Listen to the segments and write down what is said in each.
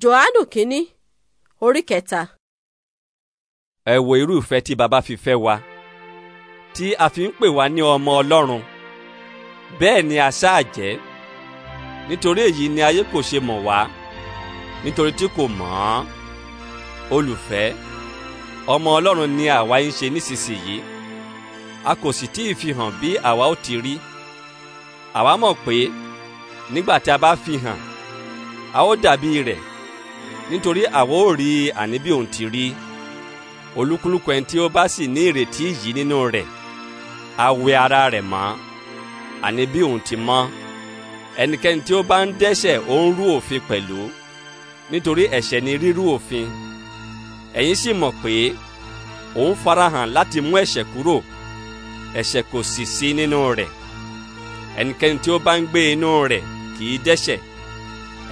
johanu kínní orí kẹta. ẹ wo irúfẹ́ tí baba fi fẹ́ wa tí a fi ń pè wá ní ọmọ ọlọ́run bẹ́ẹ̀ ni a ṣáà jẹ́ nítorí èyí ni ayé kò ṣe mọ̀ wá nítorí tí kò mọ̀ ọ́n olùfẹ́ ọmọ ọlọ́run ni àwa ń ṣe nísinsìnyí a kò sì tí ì fi hàn bí àwa ó ti rí àwa mọ̀ pé nígbà tí a bá fi hàn a ó dàbí rẹ̀ nítorí àwa ò rí àní bí òun ti rí olúkúlùkù ẹni tí ó bá sì ní ìrètí yìí nínú rẹ̀ á ara rẹ̀ mọ́ àní bí òun ti mọ́ ẹnikẹ́ni tí ó bá ń dẹ́ṣẹ̀ ó ń rú òfin pẹ̀lú nítorí ẹ̀ṣẹ̀ ni rírú òfin ẹ̀yin sì mọ̀ pé òun farahàn láti mú ẹ̀ṣẹ̀ kúrò ẹ̀ṣẹ̀ kò sì sí nínú rẹ̀ ẹnikẹ́ni tí ó bá ń gbé inú rẹ̀ kì í dẹ́ṣẹ̀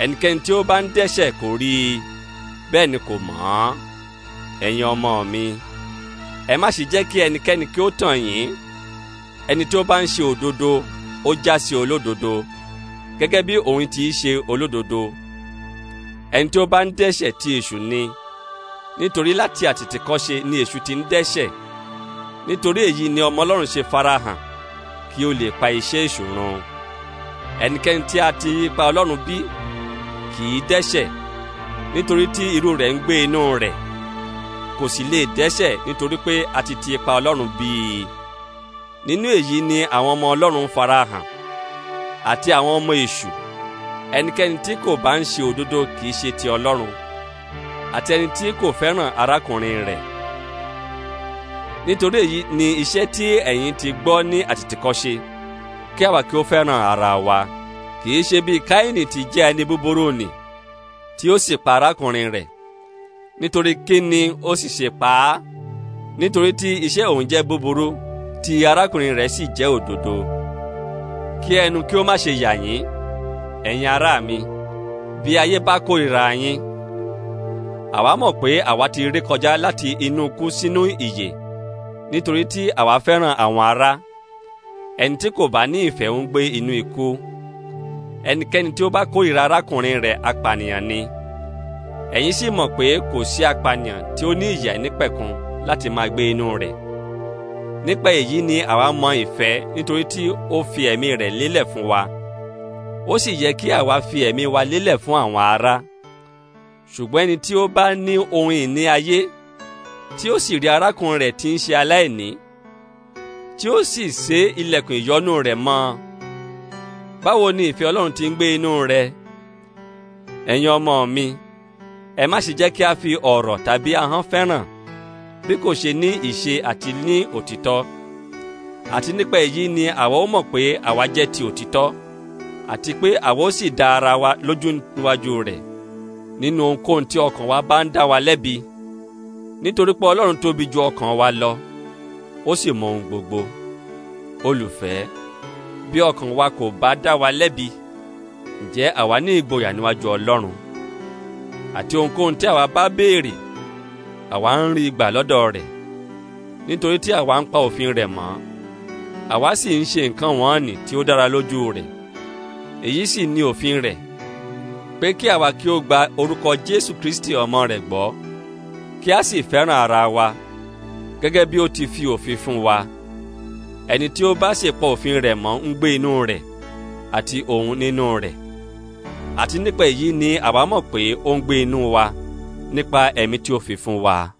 ẹnikẹ́ni tí ó bá ń dẹ́ṣẹ̀ kò rí i bẹ́ẹ̀ ni kò mọ̀ ọ́ ẹ̀yin ọmọ mi ẹ má ṣe jẹ́ kí ẹnikẹ́ni kí ó tàn yín ẹni tí ó bá ń ṣe òdodo ó já sí olódodo gẹ́gẹ́ bí òun ti ṣe olódodo ẹni tí ó bá ń dẹ́ṣẹ̀ ti èṣù ni nítorí láti àtètèkọ́ṣe ni èṣù ti ń dẹ́ṣẹ̀ nítorí èyí ni ọmọ ọlọ́run ṣe farahàn kí ó lè pa iṣẹ́ èṣù run ẹnikẹ́ni tí a ti yípa ọlọ́run bí kì í dẹ́ṣẹ̀ nítorí tí irú rẹ̀ ń gbé inú rẹ̀ kò sì lè dẹ́ṣẹ̀ nítorí pé a ti ti ipa Ọlọ́run bí i nínú èyí ni àwọn ọmọ Ọlọ́run farahàn àti àwọn ọmọ èṣù ẹnikẹ́ni tí kò bá ń ṣe òdodo kì í ṣe ti Ọlọ́run àti ẹni tí kò fẹ́ràn arákùnrin rẹ̀ nítorí èyí ni iṣẹ́ tí ẹ̀yin ti gbọ́ ní àtìtìkọ́ṣe kí àwa kí ó fẹ́ràn ara wa kì í ṣe bíi káyìnì tí jẹ́ ẹni búburú nì tí ó sì pa arákùnrin rẹ̀ nítorí kí ni ó sì ṣe pa á nítorí tí iṣẹ́ òun jẹ́ búburú tí arákùnrin rẹ̀ sì jẹ́ òdodo kí ẹnu kí ó má ṣe yà yín ẹ̀yin ará mi bí ayé bá kórìíra yín àwa mọ̀ pé àwa ti ré kọjá láti inú kú sínú ìyè nítorí tí àwa fẹ́ràn àwọn ará ẹni tí kò bá ní ìfẹ́ ń gbé inú ikú ẹnikẹ́ni tí ó bá kórìíra arákùnrin rẹ̀ apànìyàn ni ẹ̀yin sì mọ̀ pé kò sí apànìyàn tí ó ní ìyà nípẹ̀kun láti máa gbé inú rẹ̀ nípa èyí ni àwa mọ ìfẹ́ nítorí tí ó fi ẹ̀mí rẹ̀ lélẹ̀ fún wa ó sì yẹ kí àwa fi ẹ̀mí wa lélẹ̀ fún àwọn ará ṣùgbọ́n ẹni tí ó bá ní ohun ìní ayé tí ó sì rí arákùnrin rẹ̀ tí ń ṣe aláìní tí ó sì ṣe ilẹ̀kùn ìyọ́nú rẹ̀ mọ́ ọ báwo ni ìfẹ́ Ọlọ́run ti ń gbé inú rẹ ẹ̀yin ọmọ mi ẹ má ṣe jẹ́ kí a fi ọ̀rọ̀ tàbí ahọ́n fẹ́ràn bí kò ṣe ní ìṣe àti ní òtítọ́ àti nípa èyí ni àwa ó mọ̀ pé àwa jẹ́ ti òtítọ́ àti pé àwa ó sì dá ara wa lójú níwájú rẹ̀ nínú ohunkóhun tí ọkàn wa bá ń dá wa lẹ́bi nítorí pé Ọlọ́run tóbi ju ọkàn wa lọ ó sì mọ ohun gbogbo olùfẹ́ bí ọkàn wa kò bá dá wa lẹ́bi ǹjẹ́ àwa ní ìgboyà níwájú Ọlọ́run àti ohunkóhun tí àwa bá béèrè àwa ń rí gbà lọ́dọ̀ rẹ̀ nítorí tí àwa ń pa òfin rẹ̀ mọ́ àwa sì ń ṣe nǹkan wọ̀nnì tí ó dára lójú rẹ̀ èyí sì ni òfin rẹ̀ pé kí àwa kí ó gba orúkọ Jésù Kristi ọmọ rẹ̀ gbọ́ kí a sì fẹ́ràn ara wa gẹ́gẹ́ bí ó ti fi òfin fún wa ẹni tí ó bá ṣèpọ̀ òfin rẹ̀ mọ́ ń gbé inú rẹ̀ àti òun nínú rẹ̀ àti nípa èyí ni àwa mọ̀ pé ó ń gbé inú wa nípa ẹ̀mí tí ó fi fún wa.